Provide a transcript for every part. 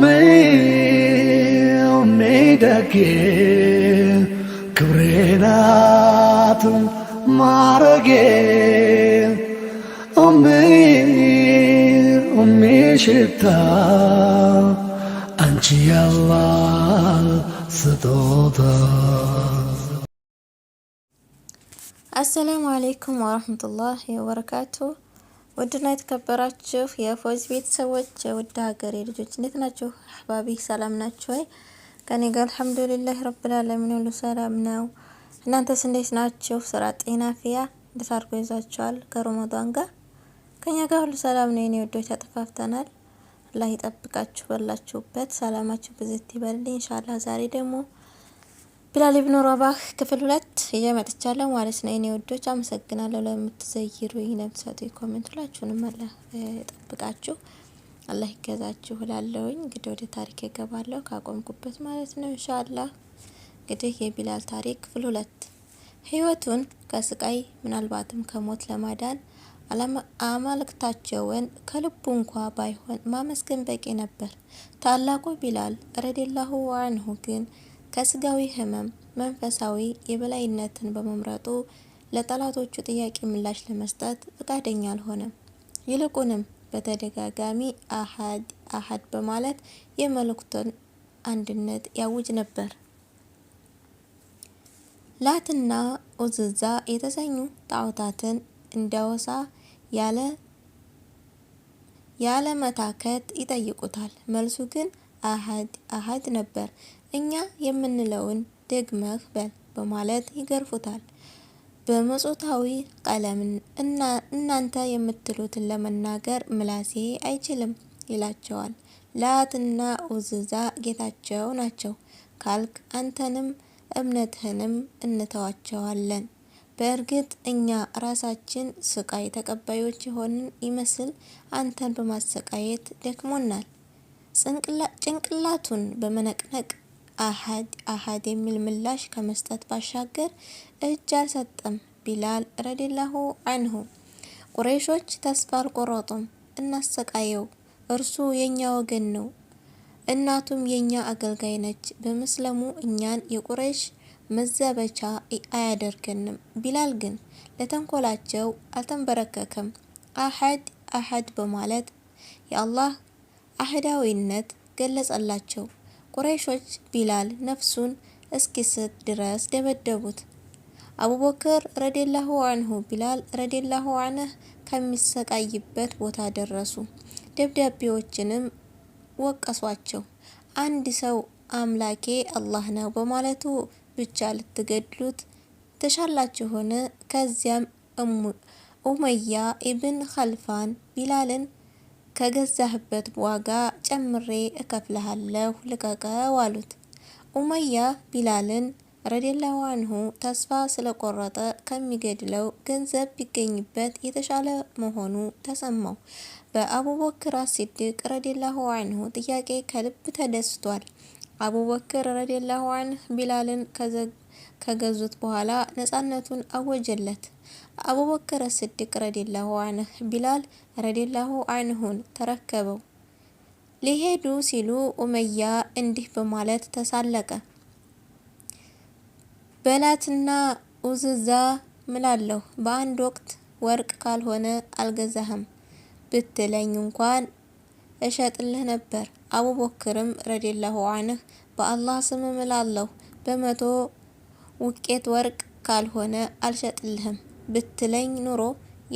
me, omega que ክብሬናት ማረጌ ኦሜ ኦሜ ሽታ አንቺ ያላ ስጦታ አሰላሙ አለይኩም ወረህመቱላሂ ወበረካቱ ውድና የተከበራችሁ የፎዝ ቤተሰቦች የውድ ሀገሬ ልጆች እንዴት ናችሁ? አህባቢ ሰላም ናችሁ ወይ? ከኔ ጋር አልሐምዱሊላህ ረብል ሁሉ ሰላም ነው። እናንተስ እንዴት ናችሁ? ስራ፣ ጤና፣ ፊያ እንዴት አድርጎ ይዟችኋል? ከረመዳን ጋር ከኛ ጋር ሁሉ ሰላም ነው። የኔ ወዶች ተጠፋፍተናል። አላህ ይጠብቃችሁ። በላችሁበት ሰላማችሁ ብዝት ይበልልኝ። እንሻላ ዛሬ ደግሞ ቢላል ኢብኑ ረባህ ክፍል ሁለት እየመጥቻለሁ ማለት ነው። እኔ ወዶች አመሰግናለሁ ለምትዘይሩ ነብሰቱ ኮሜንት ሁላችሁንም አላህ ጠብቃችሁ አላህ ይገዛችሁ እላለሁኝ። እንግዲህ ወደ ታሪክ እገባለሁ ካቆምኩበት ማለት ነው ኢንሻአላህ። እንግዲህ የቢላል ታሪክ ክፍል ሁለት ህይወቱን ከስቃይ ምናልባትም ከሞት ለማዳን አማልክታቸውን ከልቡ እንኳ ባይሆን ማመስገን በቂ ነበር። ታላቁ ቢላል ረዲላሁ አንሁ ግን ከስጋዊ ህመም መንፈሳዊ የበላይነትን በመምረጡ ለጠላቶቹ ጥያቄ ምላሽ ለመስጠት ፈቃደኛ አልሆነም። ይልቁንም በተደጋጋሚ አሀድ አሀድ በማለት የመልእክቱን አንድነት ያውጅ ነበር። ላትና ኡዝዛ የተሰኙ ጣዖታትን እንደወሳ ያለ ያለ መታከት ይጠይቁታል። መልሱ ግን አሀድ አሀድ ነበር። እኛ የምንለውን ደግመህ በል በማለት ይገርፉታል። በመጾታዊ ቀለም እናንተ የምትሉትን ለመናገር ምላሴ አይችልም ይላቸዋል። ላትና ኡዝዛ ጌታቸው ናቸው ካልክ አንተንም እምነትህንም እንተዋቸዋለን። በእርግጥ እኛ ራሳችን ስቃይ ተቀባዮች የሆንን ይመስል አንተን በማሰቃየት ደክሞናል። ጭንቅላቱን በመነቅነቅ አሀድ አሀድ የሚል ምላሽ ከመስጠት ባሻገር እጅ አልሰጠም። ቢላል ረዲላሁ አንሁ ቁረይሾች ተስፋ አልቆረጡም። እናሰቃየው፣ እርሱ የኛ ወገን ነው፣ እናቱም የኛ አገልጋይ ነች። በምስለሙ እኛን የቁረይሽ መዘበቻ አያደርገንም። ቢላል ግን ለተንኮላቸው አልተንበረከከም። አሀድ አሀድ በማለት የአላህ አህዳዊነት ገለጸላቸው። ቁረይሾች ቢላል ነፍሱን እስኪስት ድረስ ደበደቡት። አቡበክር ረዲየላሁ አንሁ ቢላል ረዲየላሁ አንህ ከሚሰቃይበት ቦታ ደረሱ። ደብዳቤዎችንም ወቀሷቸው። አንድ ሰው አምላኬ አላህ ነው በማለቱ ብቻ ልትገድሉት ሆነ። ከዚያም ኡመያ ኢብን ኸልፋን ቢላልን ከገዛህበት ዋጋ ጨምሬ እከፍልሃለሁ ልቀቀው አሉት። ኡመያ ቢላልን ረዲየላሁ አንሁ ተስፋ ስለቆረጠ ከሚገድለው ገንዘብ ቢገኝበት የተሻለ መሆኑ ተሰማው። በአቡበክር አሲድቅ ረዲላሁ አንሁ ጥያቄ ከልብ ተደስቷል። አቡበክር ረዲላሁ አንህ ቢላልን ከገዙት በኋላ ነፃነቱን አወጀለት። አቡበክር አስድቅ ረዲላሁ አንህ ቢላል ረዲላሁ አንሁን ተረከበው። ሊሄዱ ሲሉ ኡመያ እንዲህ በማለት ተሳለቀ። በላትና ኡዝዛ ምላለሁ በአንድ ወቅት ወርቅ ካልሆነ አልገዛህም ብትለኝ እንኳን እሸጥልህ ነበር። አቡበክርም ረዲላሁ አንህ በአላህ ስም ምላለሁ በመቶ ውቄት ወርቅ ካልሆነ አልሸጥልህም ብትለኝ ኑሮ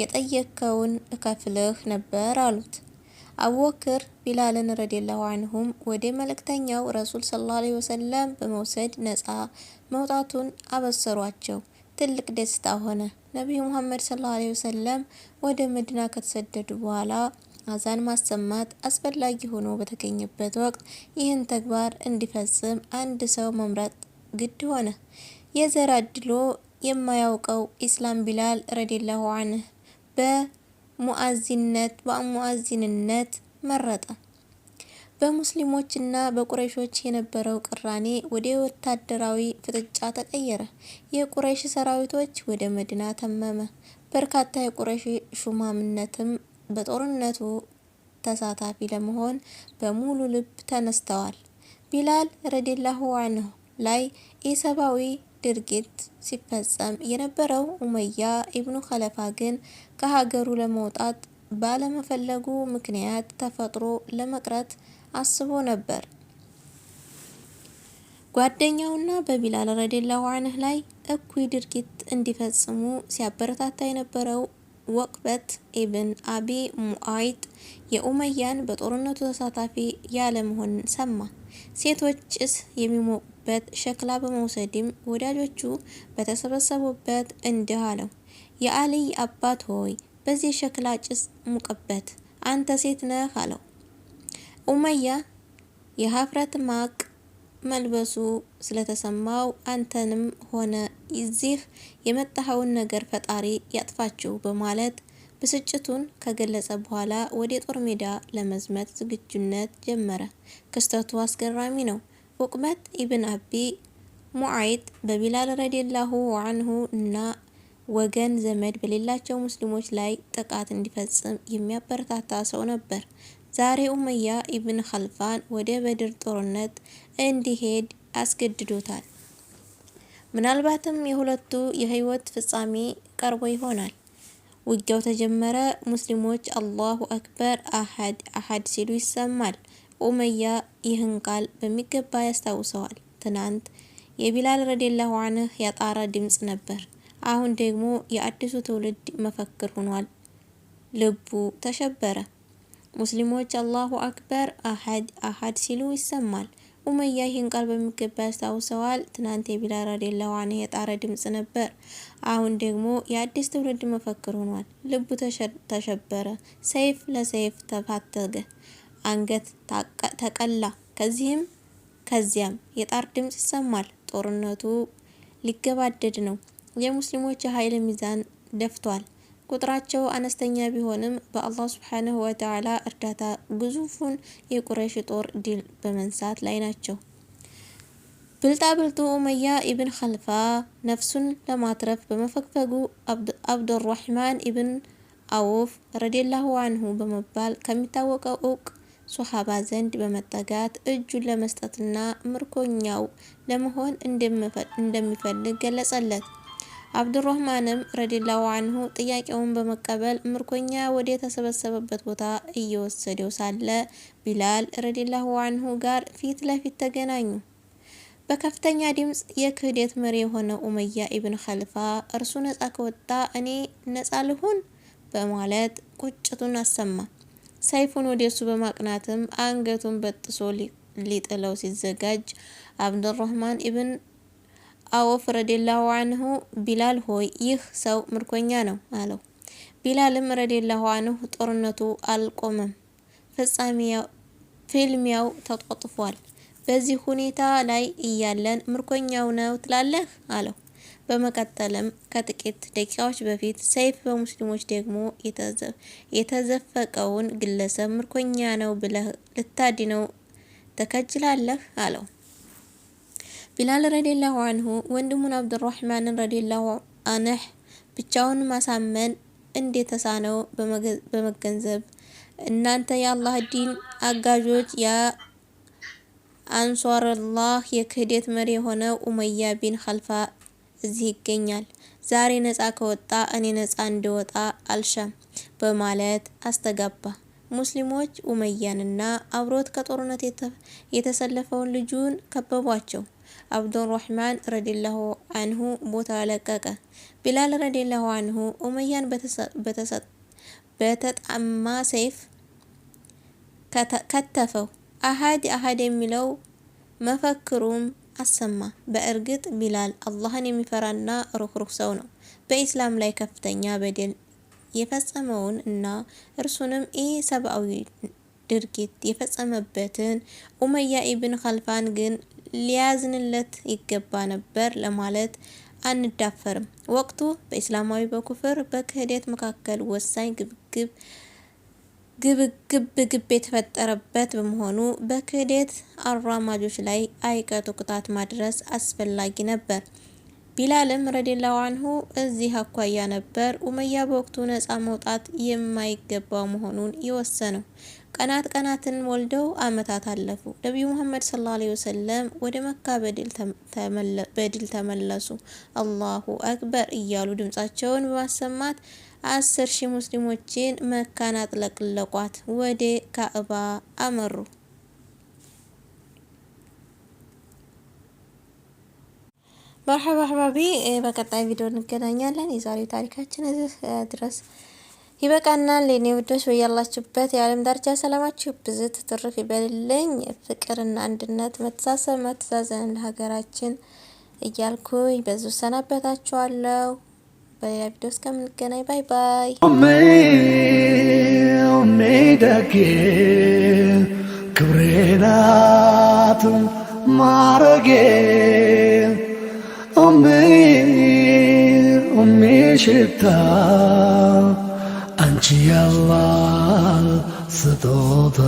የጠየከውን እከፍልህ ነበር አሉት። አቡበክር ቢላልን ረዲላሁ አንሁም ወደ መልእክተኛው ረሱል ሰለላሁ ዐለይሂ ወሰለም በመውሰድ ነፃ መውጣቱን አበሰሯቸው። ትልቅ ደስታ ሆነ። ነቢዩ ሙሐመድ ሰለላሁ ዐለይሂ ወሰለም ወደ መዲና ከተሰደዱ በኋላ አዛን ማሰማት አስፈላጊ ሆኖ በተገኘበት ወቅት ይህን ተግባር እንዲፈጽም አንድ ሰው መምረጥ ግድ ሆነ። የዘር አድሎ የማያውቀው ኢስላም ቢላል ረዲላሁ አንህ በ ሙአዚነት በሙአዚንነት መረጠ። በሙስሊሞችና በቁረይሾች የነበረው ቅራኔ ወደ ወታደራዊ ፍጥጫ ተቀየረ። የቁረይሽ ሰራዊቶች ወደ መዲና ተመመ። በርካታ የቁረይሽ ሹማምነትም በጦርነቱ ተሳታፊ ለመሆን በሙሉ ልብ ተነስተዋል። ቢላል ረዲላሁ ዐንሁ ላይ ኢሰብአዊ ድርጊት ሲፈጸም የነበረው ኡመያ ኢብኑ ኸለፋ ግን ከሀገሩ ለመውጣት ባለመፈለጉ ምክንያት ተፈጥሮ ለመቅረት አስቦ ነበር። ጓደኛውና በቢላል ረዲላሁ አንህ ላይ እኩይ ድርጊት እንዲፈጽሙ ሲያበረታታ የነበረው ወቅበት ኢብን አቢ ሙአይጥ የኡመያን በጦርነቱ ተሳታፊ ያለመሆንን ሰማ። ሴቶች ጭስ የሚሞቁበት ሸክላ በመውሰድም ወዳጆቹ በተሰበሰቡበት እንዲህ አለው፣ የአልይ አባት ሆይ በዚህ ሸክላ ጭስ ሙቅበት፣ አንተ ሴት ነህ አለው። ኡመያ የሀፍረት ማቅ መልበሱ ስለተሰማው አንተንም ሆነ ይዚህ የመጣኸውን ነገር ፈጣሪ ያጥፋችሁ በማለት ብስጭቱን ከገለጸ በኋላ ወደ ጦር ሜዳ ለመዝመት ዝግጁነት ጀመረ። ክስተቱ አስገራሚ ነው። ውቅመት ኢብን አቢ ሙዓይጥ በቢላል ረዲላሁ አንሁ እና ወገን ዘመድ በሌላቸው ሙስሊሞች ላይ ጥቃት እንዲፈጽም የሚያበረታታ ሰው ነበር። ዛሬ ኡመያ ኢብን ኸልፋን ወደ በድር ጦርነት እንዲሄድ አስገድዶታል። ምናልባትም የሁለቱ የህይወት ፍጻሜ ቀርቦ ይሆናል። ውጊያው ተጀመረ። ሙስሊሞች አላሁ አክበር አሀድ አሀድ ሲሉ ይሰማል። ኡመያ ይህን ቃል በሚገባ ያስታውሰዋል። ትናንት የቢላል ረዲላሁ አንህ ያጣረ ድምፅ ነበር። አሁን ደግሞ የአዲሱ ትውልድ መፈክር ሆኗል። ልቡ ተሸበረ። ሙስሊሞች አላሁ አክበር አሀድ አሀድ ሲሉ ይሰማል። ኡመያ ይህን ቃል በሚገባ ያስታውሰዋል። ትናንት የቢላል ረዲየላሁ ዐንሁ የጣረ ድምጽ ነበር፣ አሁን ደግሞ የአዲስ ትውልድ መፈክር ሆኗል። ልቡ ተሸበረ፣ ሰይፍ ለሰይፍ ተፋተገ፣ አንገት ተቀላ። ከዚህም ከዚያም የጣር ድምጽ ይሰማል። ጦርነቱ ሊገባደድ ነው። የሙስሊሞች የኃይል ሚዛን ደፍቷል። ቁጥራቸው አነስተኛ ቢሆንም በአላህ ሱብሓነሁ ወተዓላ እርዳታ ግዙፉን የቁረይሽ ጦር ድል በመንሳት ላይ ናቸው። ብልጣብልጡ ኡመያ ኢብን ኸልፋ ነፍሱን ለማትረፍ በመፈግፈጉ አብዱራህማን ኢብን አውፍ ረዲየላሁ አንሁ በመባል ከሚታወቀው እውቅ ሶሃባ ዘንድ በመጠጋት እጁን ለመስጠትና ምርኮኛው ለመሆን እንደሚፈልግ ገለጸለት። አብዱራህማንም ረዲላሁ አንሁ ጥያቄውን በመቀበል ምርኮኛ ወደ የተሰበሰበበት ቦታ እየወሰደው ሳለ ቢላል ረዲላሁ አንሁ ጋር ፊት ለፊት ተገናኙ። በከፍተኛ ድምፅ የክህደት መሪ የሆነው ኡመያ ኢብን ኸልፋ እርሱ ነፃ ከወጣ እኔ ነፃ ልሁን በማለት ቁጭቱን አሰማ። ሰይፉን ወደ እሱ በማቅናትም አንገቱን በጥሶ ሊጥለው ሲዘጋጅ አብዱራህማን ኢብን አወፍ ረዲላሁ አንሁ ቢላል ሆይ ይህ ሰው ምርኮኛ ነው አለው። ቢላልም ረዲላሁ አንሁ ጦርነቱ አልቆመም፣ ፍልሚያው ተጧጥፏል። በዚህ ሁኔታ ላይ እያለን ምርኮኛው ነው ትላለህ አለው። በመቀጠልም ከጥቂት ደቂቃዎች በፊት ሰይፍ በሙስሊሞች ደግሞ የተዘፈቀውን ግለሰብ ምርኮኛ ነው ብለህ ልታድነው ተከጅላለህ አለው። ቢላል ረዲላሁ አንሁ ወንድሙን አብዱራህማንን ረዲላሁ አንህ ብቻውን ማሳመን ተሳነው በመገንዘብ እናንተ የአላህ ዲን አጋዦች የአንሷርላህ የክህደት መሪ የሆነው ኡመያ ቢን ኸልፋ እዚህ ይገኛል። ዛሬ ነፃ ከወጣ እኔ ነፃ እንደወጣ አልሻም በማለት አስተጋባ። ሙስሊሞች ኡመያንና አብሮት ከጦርነት የተሰለፈውን ልጁን ከበቧቸው። አብዱራህማን ረዲላሁ አንሁ ቦታ ለቀቀ። ቢላል ረዲላሁ አንሁ ኡመያን በተጣማ ሰይፍ ከተፈው። አሃድ አሃድ የሚለው መፈክሩም አሰማ። በእርግጥ ቢላል አላህን የሚፈራና ሩህሩህ ሰው ነው። በኢስላም ላይ ከፍተኛ በደል የፈጸመውን እና እርሱንም ይህ ሰብአዊ ድርጊት የፈጸመበትን ኡመያ ኢብን ኸልፋን ግን ሊያዝንለት ይገባ ነበር ለማለት አንዳፈርም። ወቅቱ በኢስላማዊ በኩፍር በክህደት መካከል ወሳኝ ግብግብ ግብግብ ግብ የተፈጠረበት በመሆኑ በክህደት አራማጆች ላይ አይቀጡ ቅጣት ማድረስ አስፈላጊ ነበር። ቢላልም ረዲላሁ አንሁ እዚህ አኳያ ነበር ኡመያ በወቅቱ ነፃ መውጣት የማይገባው መሆኑን የወሰነው። ቀናት ቀናትን ወልደው አመታት አለፉ። ነቢዩ ሙሐመድ ሰለላሁ ዐለይሂ ወሰለም ወደ መካ በድል ተመለሱ። አላሁ አክበር እያሉ ድምጻቸውን በማሰማት አስር ሺህ ሙስሊሞችን መካን አጥለቅለቋት፣ ወደ ካዕባ አመሩ። መርሐባ አህባቢ። በቀጣይ ቪዲዮ እንገናኛለን። የዛሬው ታሪካችን እዚህ ድረስ ይበቃናል። የኔ ውዶች በያላችሁበት የዓለም ዳርቻ ሰላማችሁ ብዝት ትርፍ ይበልልኝ። ፍቅርና አንድነት፣ መተሳሰብ፣ መተዛዘን ለሀገራችን እያልኩኝ በዙ ሰናበታችኋለሁ። በሌላ ቪዲዮ እስከምንገናኝ ባይ ባይ። ሜደጌ ክብሬ ናት ማረጌ ሽታ አንቺ ያላ ስጦታ